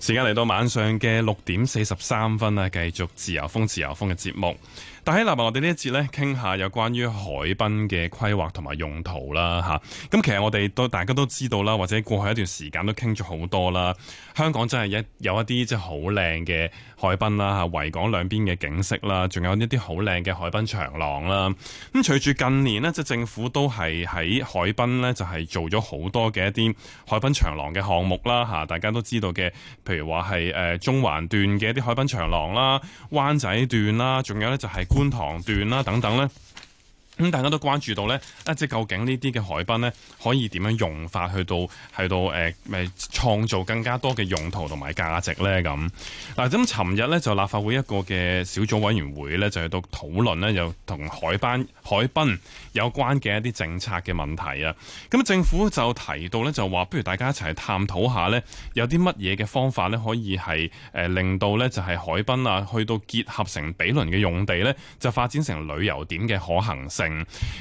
時間嚟到晚上嘅六點四十三分啊，繼續自由風，自由風嘅節目。但喺今日我哋呢一節咧，傾下有關於海濱嘅規劃同埋用途啦，吓、啊、咁其實我哋都大家都知道啦，或者過去一段時間都傾咗好多啦。香港真係一有一啲即係好靚嘅海濱啦，吓、啊、維港兩邊嘅景色啦，仲有呢啲好靚嘅海濱長廊啦。咁隨住近年呢，即政府都係喺海濱呢，就係、是、做咗好多嘅一啲海濱長廊嘅項目啦，吓、啊、大家都知道嘅，譬如話係誒中環段嘅一啲海濱長廊啦、灣仔段啦，仲有呢就係、是。觀塘段啦、啊，等等咧。咁大家都關注到呢，即究竟呢啲嘅海濱呢，可以點樣用法去到去到咪、呃、創造更加多嘅用途同埋價值呢？咁嗱，咁尋日呢，就立法會一個嘅小組委員會呢，就去到討論呢，又同海濱海濱有關嘅一啲政策嘅問題啊。咁政府就提到呢，就話不如大家一齊探討下呢，有啲乜嘢嘅方法呢，可以係、呃、令到呢，就係海濱啊，去到結合成毗鄰嘅用地呢，就發展成旅遊點嘅可行性。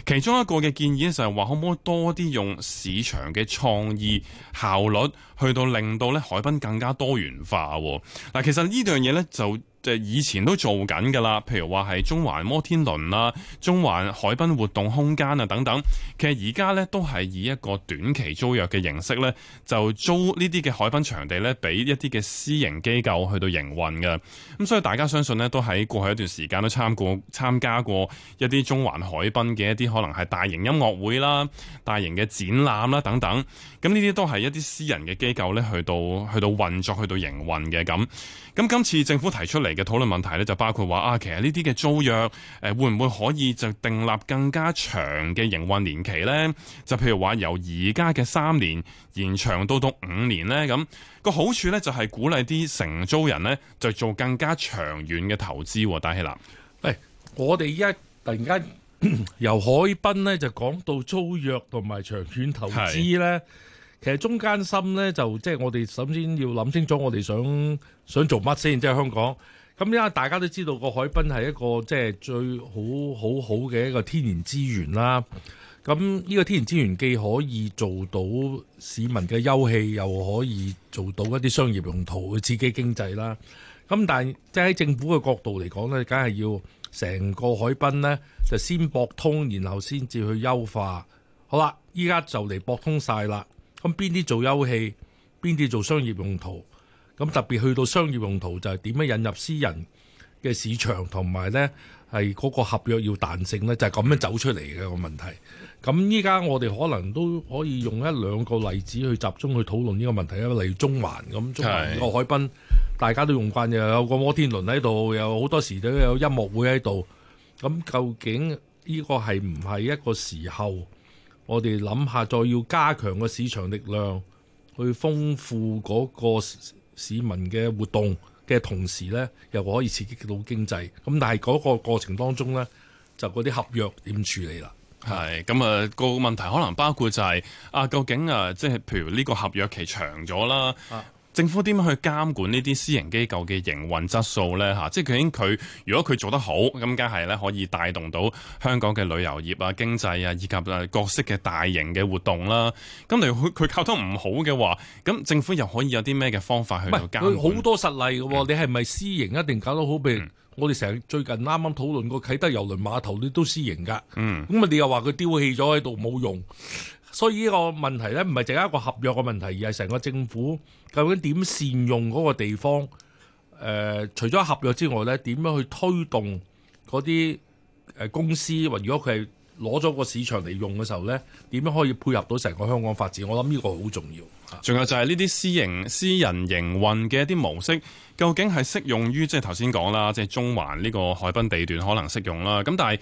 其中一個嘅建議咧，就係話可唔可以多啲用市場嘅創意效率，去到令到咧海濱更加多元化。嗱，其實呢樣嘢呢，就～以前都做緊㗎喇，譬如話係中環摩天輪啦、中環海濱活動空間啊等等。其實而家呢，都係以一個短期租約嘅形式呢，就租呢啲嘅海濱場地呢，俾一啲嘅私營機構去到營運嘅。咁所以大家相信呢，都喺過去一段時間都參過、參加過一啲中環海濱嘅一啲可能係大型音樂會啦、大型嘅展覽啦等等。咁呢啲都係一啲私人嘅機構呢，去到去到運作、去到營運嘅咁。咁今次政府提出嚟嘅討論問題咧，就包括話啊，其實呢啲嘅租約，誒、呃、會唔會可以就訂立更加長嘅營運年期呢？就譬如話由而家嘅三年延長到到五年呢，咁個好處呢，就係鼓勵啲承租人呢，就做更加長遠嘅投資。但係啦，我哋依家突然間由海濱呢，就講到租約同埋長遠投資呢。其實中間心呢，就即係我哋首先要諗清楚我，我哋想想做乜先。即係香港咁，因為大家都知道個海濱係一個即係最好好好嘅一個天然資源啦。咁呢個天然資源既可以做到市民嘅休憩，又可以做到一啲商業用途，刺激經濟啦。咁但係即係喺政府嘅角度嚟講呢，梗係要成個海濱呢就先駁通，然後先至去優化。好啦，依家就嚟駁通晒啦。咁邊啲做休憩，邊啲做商業用途？咁特別去到商業用途，就係、是、點樣引入私人嘅市場，同埋呢係嗰個合約要彈性呢，就係、是、咁樣走出嚟嘅、那個問題。咁依家我哋可能都可以用一兩個例子去集中去討論呢個問題啊，例如中環咁，中環個海濱大家都用慣，又有個摩天輪喺度，有好多時都有音樂會喺度。咁究竟呢個係唔係一個時候？我哋諗下，再要加強個市場力量，去豐富嗰個市民嘅活動嘅同時呢，又可以刺激到經濟。咁但係嗰個過程當中呢，就嗰啲合約點處理啦？係咁啊，呃嗰個問題可能包括就係、係、啊，究竟啊，即係譬如呢個合約期長咗啦。啊政府點樣去監管呢啲私營機構嘅營運質素咧？嚇，即係佢已經佢如果佢做得好，咁梗係咧可以帶動到香港嘅旅遊業啊、經濟啊，以及各式嘅大型嘅活動啦。咁你，佢佢搞得唔好嘅話，咁政府又可以有啲咩嘅方法去到監管？好多實例嘅喎，你係咪私營一定搞得好？譬如我哋成日最近啱啱討論過啟德郵輪碼頭，你都私營㗎。嗯，咁咪你又話佢丟棄咗喺度冇用？所以呢個問題呢，唔係淨係一個合約嘅問題，而係成個政府究竟點善用嗰個地方？誒、呃，除咗合約之外呢，點樣去推動嗰啲誒公司？或如果佢係攞咗個市場嚟用嘅時候呢，點樣可以配合到成個香港發展？我諗呢個好重要。仲有就係呢啲私營私人營運嘅一啲模式，究竟係適用於即係頭先講啦，即係中環呢個海濱地段可能適用啦。咁但係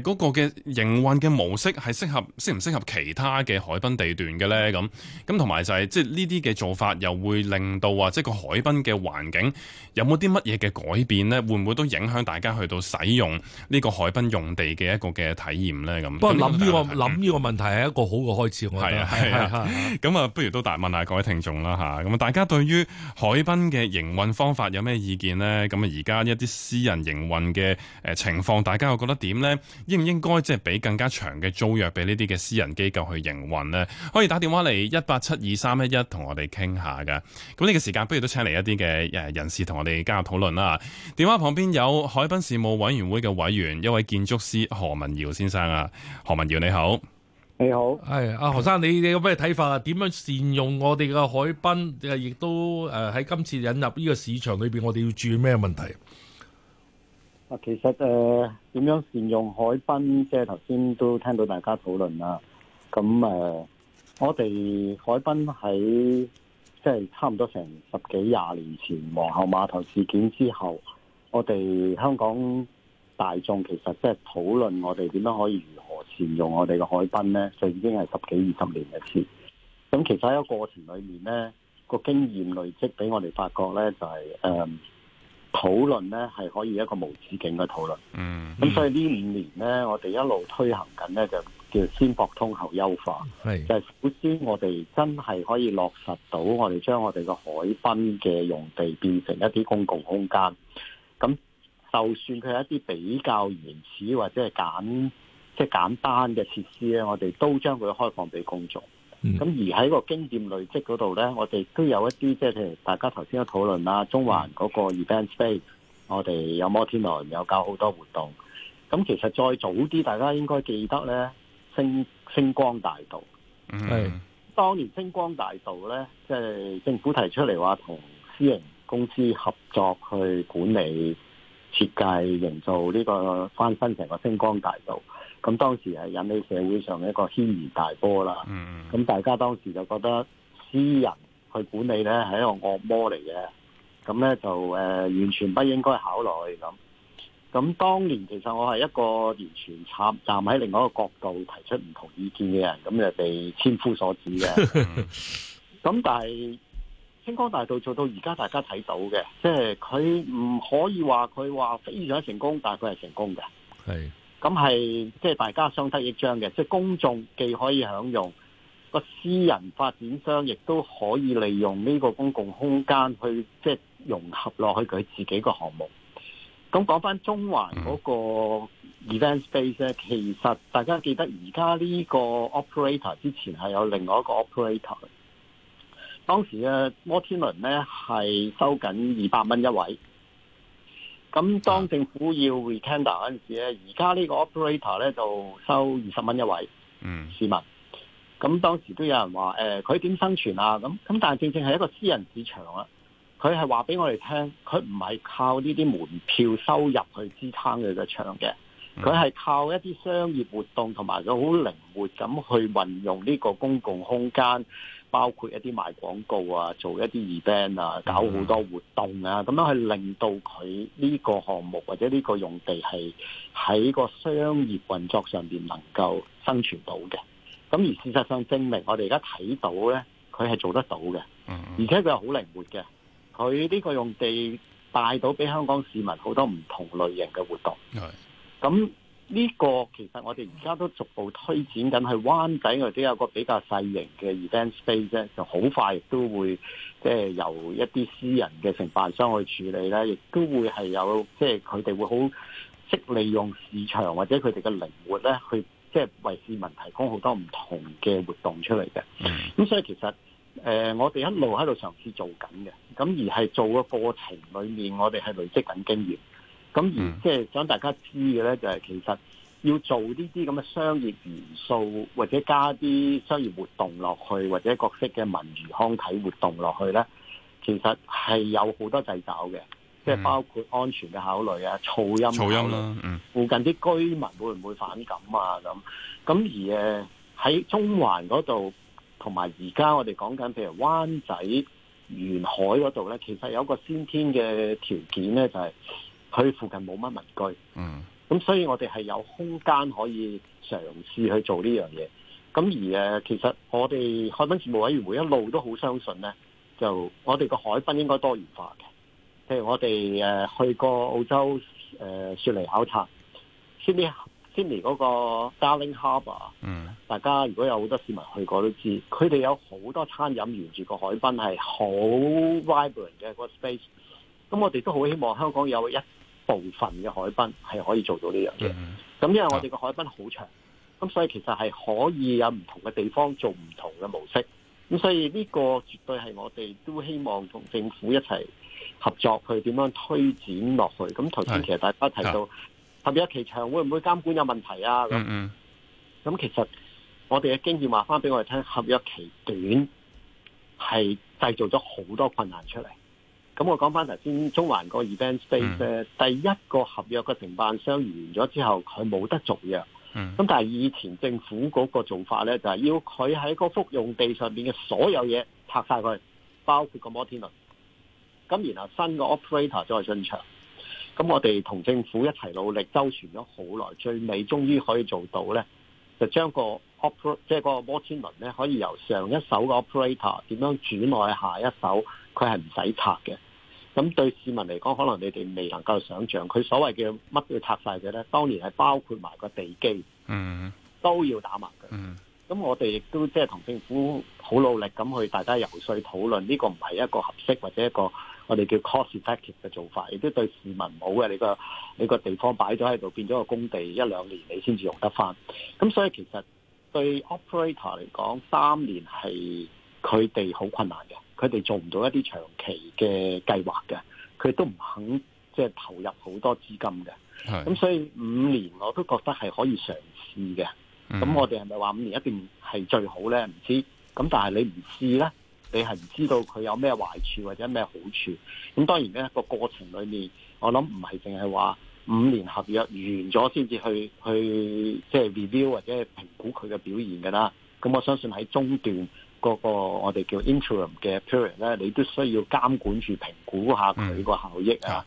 誒嗰個嘅營運嘅模式係適合適唔適合其他嘅海濱地段嘅咧？咁咁同埋就係、是、即係呢啲嘅做法又會令到啊，即係個海濱嘅環境有冇啲乜嘢嘅改變咧？會唔會都影響大家去到使用呢個海濱用地嘅一個嘅體驗咧？咁不過諗呢個諗呢個問題係一個好嘅開始，我覺得係啊，係啊，咁啊，啊 不如都大嗱，各位聽眾啦嚇，咁啊，大家對於海濱嘅營運方法有咩意見呢？咁啊，而家一啲私人營運嘅誒情況，大家又覺得點呢？應唔應該即係俾更加長嘅租約俾呢啲嘅私人機構去營運呢？可以打電話嚟一八七二三一一，同我哋傾下噶。咁呢個時間，不如都請嚟一啲嘅誒人士同我哋加入討論啦。電話旁邊有海濱事務委員會嘅委員，一位建築師何文堯先生啊，何文堯你好。你好，係、哎、阿何生，你你有咩睇法啊？點樣善用我哋嘅海濱，亦都誒喺今次引入呢個市場裏邊，我哋要注意咩問題？啊，其實誒，點樣，呃，善用海濱，即係頭先都聽到大家討論啦。咁誒、呃，我哋海濱喺即係差唔多成十幾廿年前皇后碼頭事件之後，我哋香港大眾其實即係討論我哋點樣可以。沿用我哋嘅海濱咧，就已經係十幾二十年一次。咁其實喺個過程裡面咧，個經驗累積俾我哋發覺咧，就係誒討論咧係可以一個無止境嘅討論。嗯。咁所以呢五年咧、嗯，我哋一路推行緊咧，就叫先駁通後優化，是就係、是、首先我哋真係可以落實到我哋將我哋個海濱嘅用地變成一啲公共空間。咁就算佢係一啲比較原始或者係簡。即係簡單嘅設施咧，我哋都將佢開放俾公眾。咁、嗯、而喺個經驗累積嗰度咧，我哋都有一啲即係大家頭先都討論啦，中環嗰個 Event Space，我哋有摩天輪，有搞好多活動。咁其實再早啲，大家應該記得咧，星星光大道。係、嗯，當年星光大道咧，即、就、係、是、政府提出嚟話同私營公司合作去管理、設計、營造呢、這個翻新成個星光大道。咁當時係引起社會上嘅一個軒然大波啦。咁、嗯、大家當時就覺得私人去管理呢，係一個惡魔嚟嘅，咁呢就誒、呃、完全不應該考慮咁。咁當年其實我係一個完全站站喺另一個角度提出唔同意見嘅人，咁就被千夫所指嘅。咁 但係星光大道做到而家大家睇到嘅，即係佢唔可以話佢話非常成功，但係佢係成功嘅。係。咁係即係大家相得益彰嘅，即係公眾既可以享用個私人發展商，亦都可以利用呢個公共空間去即係融合落去佢自己個項目。咁講翻中環嗰個 Event Space 咧，Mm.，其實大家記得而家呢個 operator 之前係有另外一個 operator。當時嘅摩天輪咧係收緊二百蚊一位。咁當政府要 retender 嗰陣時咧，而家呢個 operator 咧就收二十蚊一位，市民。咁、嗯、當時都有人話誒，佢、欸、點生存啊？咁咁但正正係一個私人市場啊！佢係話俾我哋聽，佢唔係靠呢啲門票收入去支撐佢嘅場嘅，佢係靠一啲商業活動同埋佢好靈活咁去運用呢個公共空間。包括一啲賣廣告啊，做一啲 event 啊，搞好多活動啊，咁樣去令到佢呢個項目或者呢個用地係喺個商業運作上邊能夠生存到嘅。咁而事實上證明，我哋而家睇到呢，佢係做得到嘅，而且佢係好靈活嘅。佢呢個用地帶到俾香港市民好多唔同類型嘅活動，咁。呢個其實我哋而家都逐步推展緊，喺灣仔或者有個比較細型嘅 event space 啫，就好快亦都會即係由一啲私人嘅承辦商去處理咧，亦都會係有即係佢哋會好識利用市場或者佢哋嘅靈活咧，去即係為市民提供好多唔同嘅活動出嚟嘅。咁所以其實誒，我哋一路喺度嘗試做緊嘅，咁而係做嘅過程裡面，我哋係累積緊經驗。咁、嗯、而即係想大家知嘅咧，就係其實要做呢啲咁嘅商業元素，或者加啲商業活動落去，或者各式嘅文娛康體活動落去咧，其實係有好多掣肘嘅，即、嗯、係包括安全嘅考慮啊、噪音、噪音啦、嗯，附近啲居民會唔會反感啊？咁咁而誒喺中環嗰度，同埋而家我哋講緊，譬如灣仔沿海嗰度咧，其實有個先天嘅條件咧，就係、是。佢附近冇乜民居，嗯，咁所以我哋係有空間可以嘗試去做呢樣嘢。咁而誒其實我哋海濱事務委員會一路都好相信咧，就我哋個海濱應該多元化嘅。譬如我哋誒去過澳洲誒、呃、雪梨考察，悉尼悉尼嗰個 Darling Harbour，嗯、mm.，大家如果有好多市民去過都知道，佢哋有好多餐飲沿住個海濱係好 vibrant 嘅個 space。咁我哋都好希望香港有一部分嘅海濱係可以做到呢樣嘢，咁、mm -hmm. 因為我哋個海濱好長，咁、yeah. 所以其實係可以有唔同嘅地方做唔同嘅模式，咁所以呢個絕對係我哋都希望同政府一齊合作去點樣推展落去。咁頭先其實大家提到合約期長會唔會監管有問題啊？咁、mm、咁 -hmm. 其實我哋嘅經驗話翻俾我哋聽，合約期短係製造咗好多困難出嚟。咁我講翻頭先，中環個 Event Space、嗯、第一個合約嘅承辦商完咗之後，佢冇得續約。咁、嗯、但係以前政府嗰個做法咧，就係、是、要佢喺個幅用地上面嘅所有嘢拆曬佢，包括個摩天輪。咁然後新個 operator 再進場。咁我哋同政府一齊努力周旋咗好耐，最尾終於可以做到咧，就將個 operator 即係個摩天輪咧，可以由上一手嘅 operator 點樣轉落去下一手，佢係唔使拆嘅。咁對市民嚟講，可能你哋未能夠想象，佢所謂嘅乜都要拆晒嘅咧，當年係包括埋個地基，嗯、mm -hmm.，都要打埋嘅。嗯，咁我哋亦都即係同政府好努力咁去大家游說討論，呢、呢個唔係一個合適或者一個我哋叫 cost effective 嘅做法，亦都對市民唔好嘅。你個你個地方擺咗喺度，變咗個工地，一兩年你先至用得翻。咁所以其實對 operator 嚟講，三年係佢哋好困難嘅。佢哋做唔到一啲長期嘅計劃嘅，佢都唔肯即係投入好多資金嘅。咁所以五年我都覺得係可以嘗試嘅。咁我哋係咪話五年一定係最好呢？唔知。咁但係你唔試咧，你係唔知道佢有咩壞處或者咩好處。咁當然呢個過程裏面，我諗唔係淨係話五年合約完咗先至去去即係 review 或者係評估佢嘅表現㗎啦。咁我相信喺中段。嗰個我哋叫 interim 嘅 period 咧，你都需要監管住評估下佢個效益啊！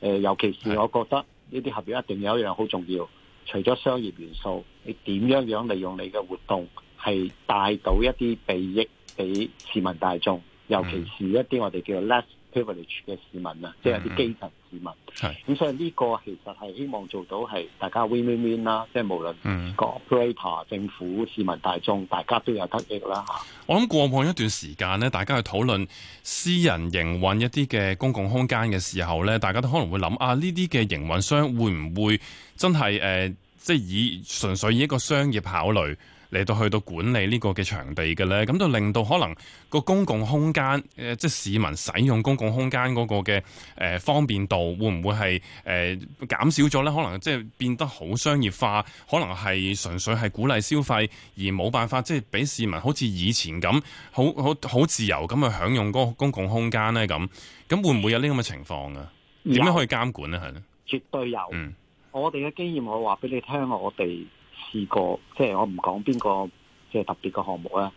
誒、呃，尤其是我覺得呢啲合約一定有一樣好重要，除咗商業元素，你點樣樣利用你嘅活動，係帶到一啲裨益俾市民大眾，尤其是一啲我哋叫做 less。嘅市民啊，即係啲基層市民，咁、就是嗯、所以呢個其實係希望做到係大家 win win win 啦，即係無論個、嗯、operator 政府市民大眾，大家都有得益啦嚇。我諗過往一段時間咧，大家去討論私人營運一啲嘅公共空間嘅時候咧，大家都可能會諗啊，呢啲嘅營運商會唔會真係誒，即、呃、係、就是、以純粹以一個商業考慮？嚟到去到管理呢個嘅場地嘅咧，咁就令到可能個公共空間，誒，即係市民使用公共空間嗰個嘅誒、呃、方便度會不會，會唔會係誒減少咗咧？可能即係變得好商業化，可能係純粹係鼓勵消費，而冇辦法即係俾市民好似以前咁，好好好自由咁去享用嗰個公共空間咧。咁咁會唔會有呢咁嘅情況啊？點樣可以監管咧？係咧，絕對有。嗯，我哋嘅經驗，我話俾你聽，我哋。試過，即係我唔講邊個，即係特別嘅項目啦。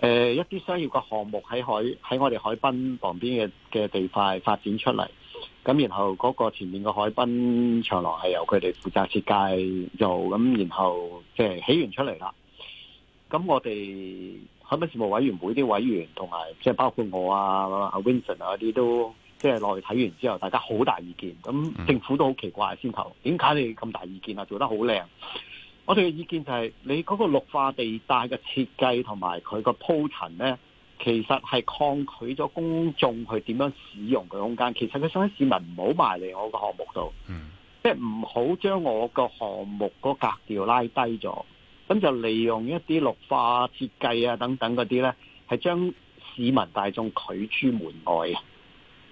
誒，一啲商業嘅項目喺海喺我哋海濱旁邊嘅嘅地塊發展出嚟，咁然後嗰個前面嘅海濱長廊係由佢哋負責設計做，咁然後即係起完出嚟啦。咁我哋海濱事務委員會啲委員同埋，即係包括我啊阿 Winson 啊啲都，即係落去睇完之後，大家好大意見。咁政府都好奇怪先頭，點解你咁大意見啊？做得好靚。我哋嘅意見就係、是，你嗰個綠化地帶嘅設計同埋佢個鋪陳呢，其實係抗拒咗公眾去點樣使用佢空間。其實佢想啲市民唔好埋嚟我個項目度、嗯，即係唔好將我個項目個格調拉低咗。咁就利用一啲綠化設計啊等等嗰啲呢，係將市民大眾拒出門外嘅。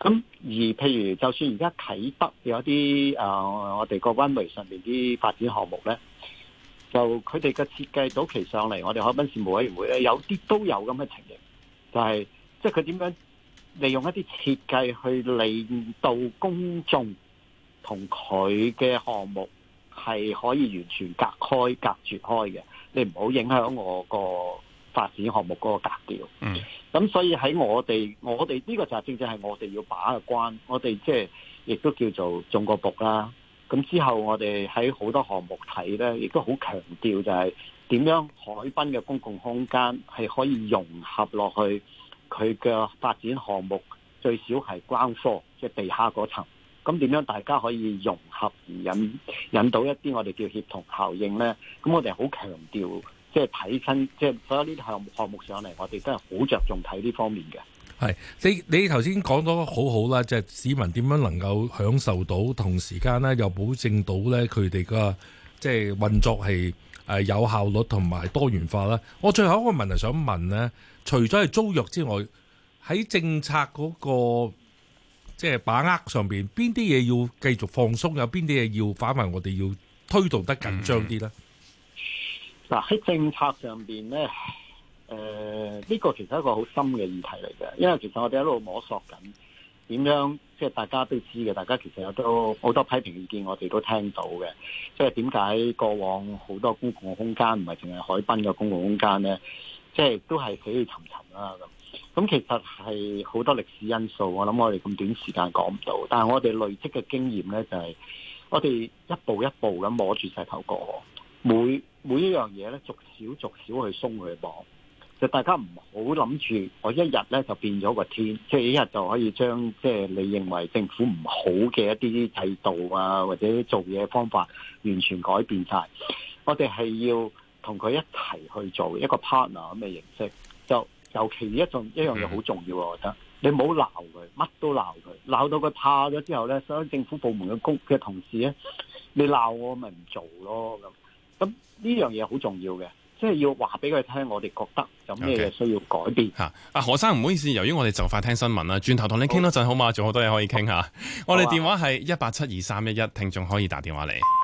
咁而譬如，就算而家啟德有啲誒、呃，我哋個灣尾上面啲發展項目呢。就佢哋嘅設計到期上嚟，我哋海濱事務委員會有啲都有咁嘅情形，就係、是、即係佢點樣利用一啲設計去令到公眾同佢嘅項目係可以完全隔開、隔絕開嘅，你唔好影響我個發展項目嗰個格調。嗯，咁所以喺我哋，我哋呢個就係正正係我哋要把關，我哋即係亦都叫做中個毒啦。咁之後，我哋喺好多項目睇呢，亦都好強調就係點樣海濱嘅公共空間係可以融合落去佢嘅發展項目，最少係關科即係地下嗰層。咁點樣大家可以融合而引引到一啲我哋叫協同效應呢？咁我哋好強調，即係睇親即係所有呢啲項項目上嚟，我哋都係好着重睇呢方面嘅。係你你頭先講得好好啦，即係市民點樣能夠享受到，同時間咧又保證到咧佢哋嘅，即係運作係，誒，有效率同埋多元化啦。我最後一個問題想問咧，除咗係租約之外，喺政策嗰個即係把握上邊，邊啲嘢要繼續放鬆，有邊啲嘢要反為我哋要推動得緊張啲咧？嗱，喺政策上邊咧。誒、呃，呢、這個其實是一個好深嘅議題嚟嘅，因為其實我哋一路摸索緊點樣，即係大家都知嘅，大家其實有都好多批評意見，我哋都聽到嘅。即係點解過往好多公共的空間唔係淨係海濱嘅公共空間呢？即係都係死氣沉沉啦。咁咁其實係好多歷史因素，我諗我哋咁短時間講唔到。但係我哋累積嘅經驗呢，就係、是、我哋一步一步咁摸住石頭過河，每每一樣嘢呢，逐少逐少去鬆佢嘅大家唔好諗住，我一日咧就變咗個天，即係一日就可以將即係你認為政府唔好嘅一啲制度啊，或者做嘢方法完全改變晒。我哋係要同佢一齊去做一個 partner 咁嘅形式。就尤其一種一樣嘢好重要，我覺得你冇鬧佢，乜都鬧佢，鬧到佢怕咗之後咧，所有政府部門嘅公嘅同事咧，你鬧我咪唔做咯。咁咁呢樣嘢好重要嘅。即係要話俾佢聽，我哋覺得有咩嘢需要改變吓。阿、okay 啊、何生唔好意思，由於我哋就快聽新聞啦，轉頭同你傾多陣好嘛？仲好多嘢可以傾吓 我哋電話係一八七二三一一，聽眾可以打電話嚟。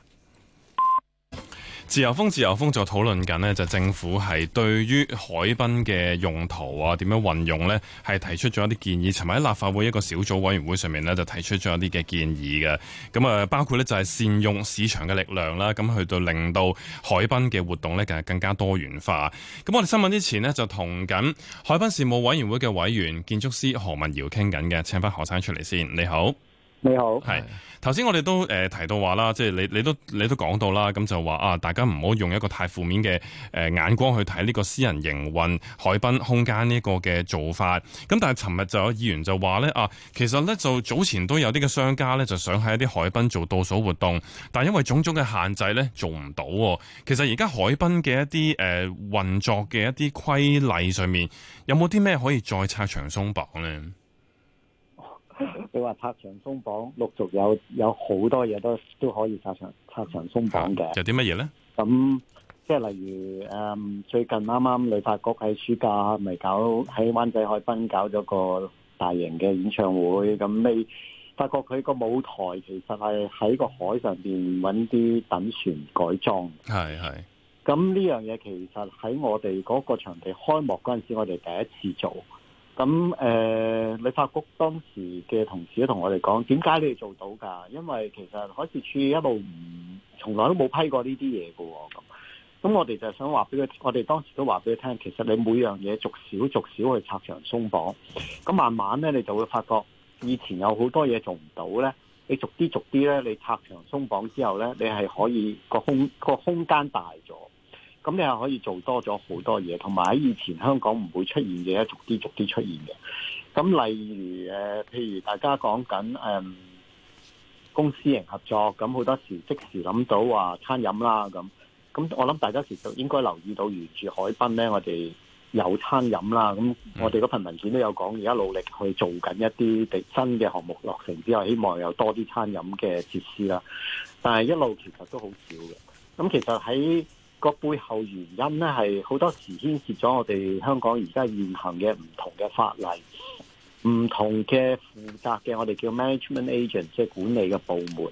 自由風，自由風就討論緊呢就政府係對於海濱嘅用途啊，點樣運用呢係提出咗一啲建議。尋日喺立法會一個小組委員會上面呢就提出咗一啲嘅建議嘅。咁啊，包括呢就係善用市場嘅力量啦，咁去到令到海濱嘅活動呢就係更加多元化。咁我哋新聞之前呢就同緊海濱事務委員會嘅委員建築師何文堯傾緊嘅，請返何生出嚟先。你好。你好，係頭先我哋都誒提到話啦，即係你你都你都講到啦，咁就話啊，大家唔好用一個太負面嘅誒眼光去睇呢個私人營運海濱空間呢個嘅做法。咁但係，尋日就有議員就話咧啊，其實咧就早前都有啲嘅商家咧，就想喺一啲海濱做倒數活動，但係因為種種嘅限制咧，做唔到。其實而家海濱嘅一啲誒運作嘅一啲規例上面，有冇啲咩可以再拆牆鬆綁咧？你話拆牆鬆綁，陸續有有好多嘢都都可以拆牆拆牆鬆綁嘅、啊，有啲乜嘢呢？咁、嗯、即係例如誒、嗯，最近啱啱旅發局喺暑假咪搞喺灣仔海濱搞咗個大型嘅演唱會，咁你發覺佢個舞台其實係喺個海上邊揾啲躉船改裝，係係。咁呢、嗯、樣嘢其實喺我哋嗰個場地開幕嗰陣時候，我哋第一次做。咁誒，律、呃、發局當時嘅同事都同我哋講，點解你哋做到㗎？因為其實海事處一路唔，從來都冇批過呢啲嘢㗎喎。咁，咁我哋就係想話俾佢，我哋當時都話俾佢聽，其實你每樣嘢逐少逐少去拆牆鬆綁，咁慢慢咧你就會發覺，以前有好多嘢做唔到咧，你逐啲逐啲咧，你拆牆鬆綁之後咧，你係可以個空個空間大咗。咁你又可以做多咗好多嘢，同埋喺以前香港唔會出現嘅，一逐啲逐啲出現嘅。咁例如誒、呃，譬如大家講緊誒公私營合作，咁好多時候即時諗到話餐飲啦，咁咁我諗大家其實應該留意到，沿住海濱咧，我哋有餐飲啦。咁我哋嗰份文件都有講，而家努力去做緊一啲地新嘅項目落成之後，希望有多啲餐飲嘅設施啦。但係一路其實都好少嘅。咁其實喺個背後原因咧，係好多時牽涉咗我哋香港而家現行嘅唔同嘅法例，唔同嘅負責嘅我哋叫 management agent，即係管理嘅部門，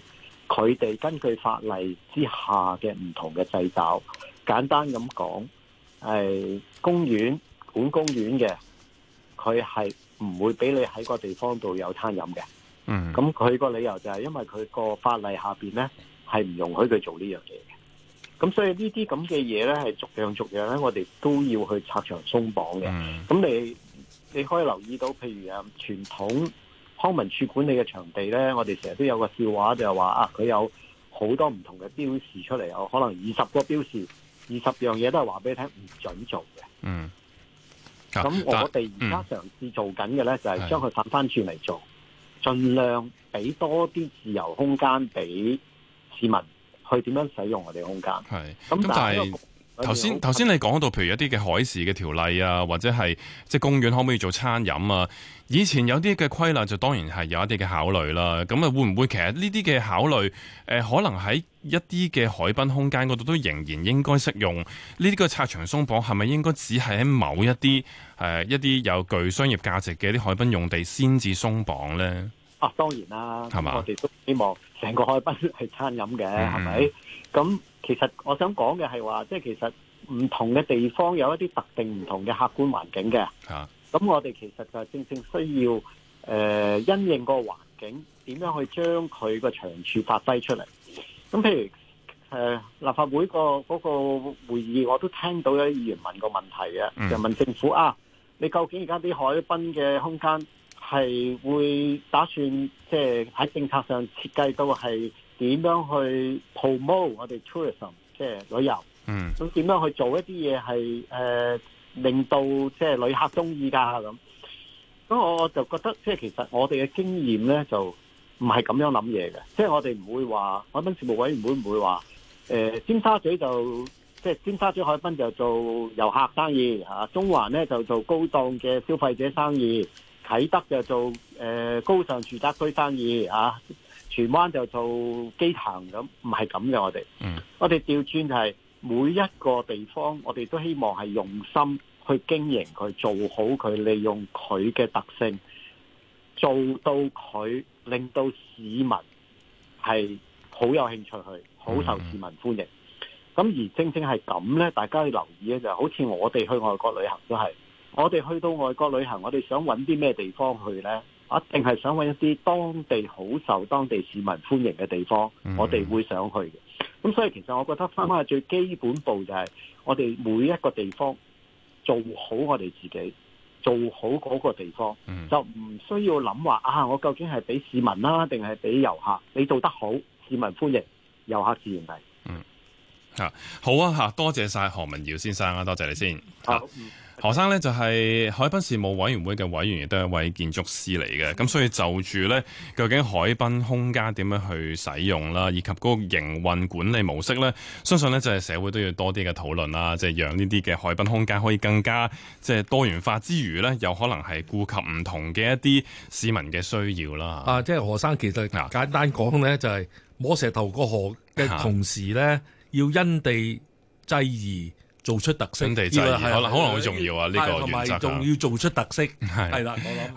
佢哋根據法例之下嘅唔同嘅制度，簡單咁講，係公園管公園嘅，佢係唔會俾你喺個地方度有餐飲嘅。嗯，咁佢個理由就係因為佢個法例下邊咧，係唔容許佢做呢樣嘢嘅。咁所以呢啲咁嘅嘢呢，係逐樣逐樣呢，我哋都要去拆牆鬆綁嘅。咁、嗯、你你可以留意到，譬如啊，傳統康文署管理嘅場地呢，我哋成日都有個笑話就，就係話啊，佢有好多唔同嘅標示出嚟，有可能二十個標示、二十樣嘢都係話俾你聽，唔準做嘅。嗯。咁我哋而家嘗試做緊嘅呢，嗯、就係、是、將佢反翻轉嚟做，盡量俾多啲自由空間俾市民，去點樣使用我哋空間？係咁，但係頭先頭先你講到，譬如一啲嘅海事嘅條例啊，或者係即係公園可唔可以做餐飲啊？以前有啲嘅規例就當然係有一啲嘅考慮啦。咁啊，會唔會其實呢啲嘅考慮，誒、呃、可能喺一啲嘅海濱空間嗰度都仍然應該適用呢啲嘅拆牆鬆綁？係咪應該只係喺某一啲誒、呃、一啲有具商業價值嘅一啲海濱用地先至鬆綁呢？啊，當然啦，係嘛？我哋都希望。成個海濱係餐飲嘅，係、嗯、咪？咁其實我想講嘅係話，即係其實唔同嘅地方有一啲特定唔同嘅客觀環境嘅。嚇、啊！咁我哋其實就正正需要誒、呃、因應個環境，點樣去將佢個長處發揮出嚟？咁譬如誒、呃、立法會個嗰個會議，我都聽到有議員問個問題啊，就、嗯、問政府啊，你究竟而家啲海濱嘅空間？係會打算即係喺政策上設計到係點樣去 promote 我哋 tourism 即係旅遊，咁、mm. 點樣去做一啲嘢係誒令到即係、就是、旅客中意㗎咁。咁我就覺得即係、就是、其實我哋嘅經驗咧就唔係咁樣諗嘢嘅，即、就、係、是、我哋唔會話海濱事務委員會唔會話誒、呃、尖沙咀就即係、就是、尖沙咀海濱就做遊客生意嚇、啊，中環咧就做高檔嘅消費者生意。睇得就做、呃、高尚住宅區生意嚇，荃、啊、灣就做機場咁，唔係咁嘅我哋。我哋調轉就係每一個地方，我哋都希望係用心去經營佢，做好佢，利用佢嘅特性，做到佢令到市民係好有興趣去，好受市民歡迎。咁、mm. 而正正係咁呢，大家要留意咧，就好似我哋去外國旅行都係。我哋去到外國旅行，我哋想揾啲咩地方去呢？一定係想揾一啲當地好受當地市民歡迎嘅地方，嗯、我哋會想去嘅。咁所以其實我覺得翻翻去最基本步就係我哋每一個地方做好我哋自己，做好嗰個地方，嗯、就唔需要諗話啊！我究竟係俾市民啦、啊，定係俾遊客？你做得好，市民歡迎，遊客自然嚟。嗯，吓好啊吓，多謝晒何文堯先生啊，多謝你先，多謝你先。何生呢，就係海濱事務委員會嘅委員，亦都係一位建築師嚟嘅。咁所以就住呢，究竟海濱空間點樣去使用啦，以及嗰個營運管理模式呢，相信呢，就係社會都要多啲嘅討論啦。即係讓呢啲嘅海濱空間可以更加即係多元化之餘呢，有可能係顧及唔同嘅一啲市民嘅需要啦。啊，即係何生，其實嗱，簡單講呢，啊，就係摸石頭過河嘅同時呢、啊，要因地制宜。做出特色，要可能可能好重要啊！呢、這個原則仲、啊、要做出特色，係啦，我諗。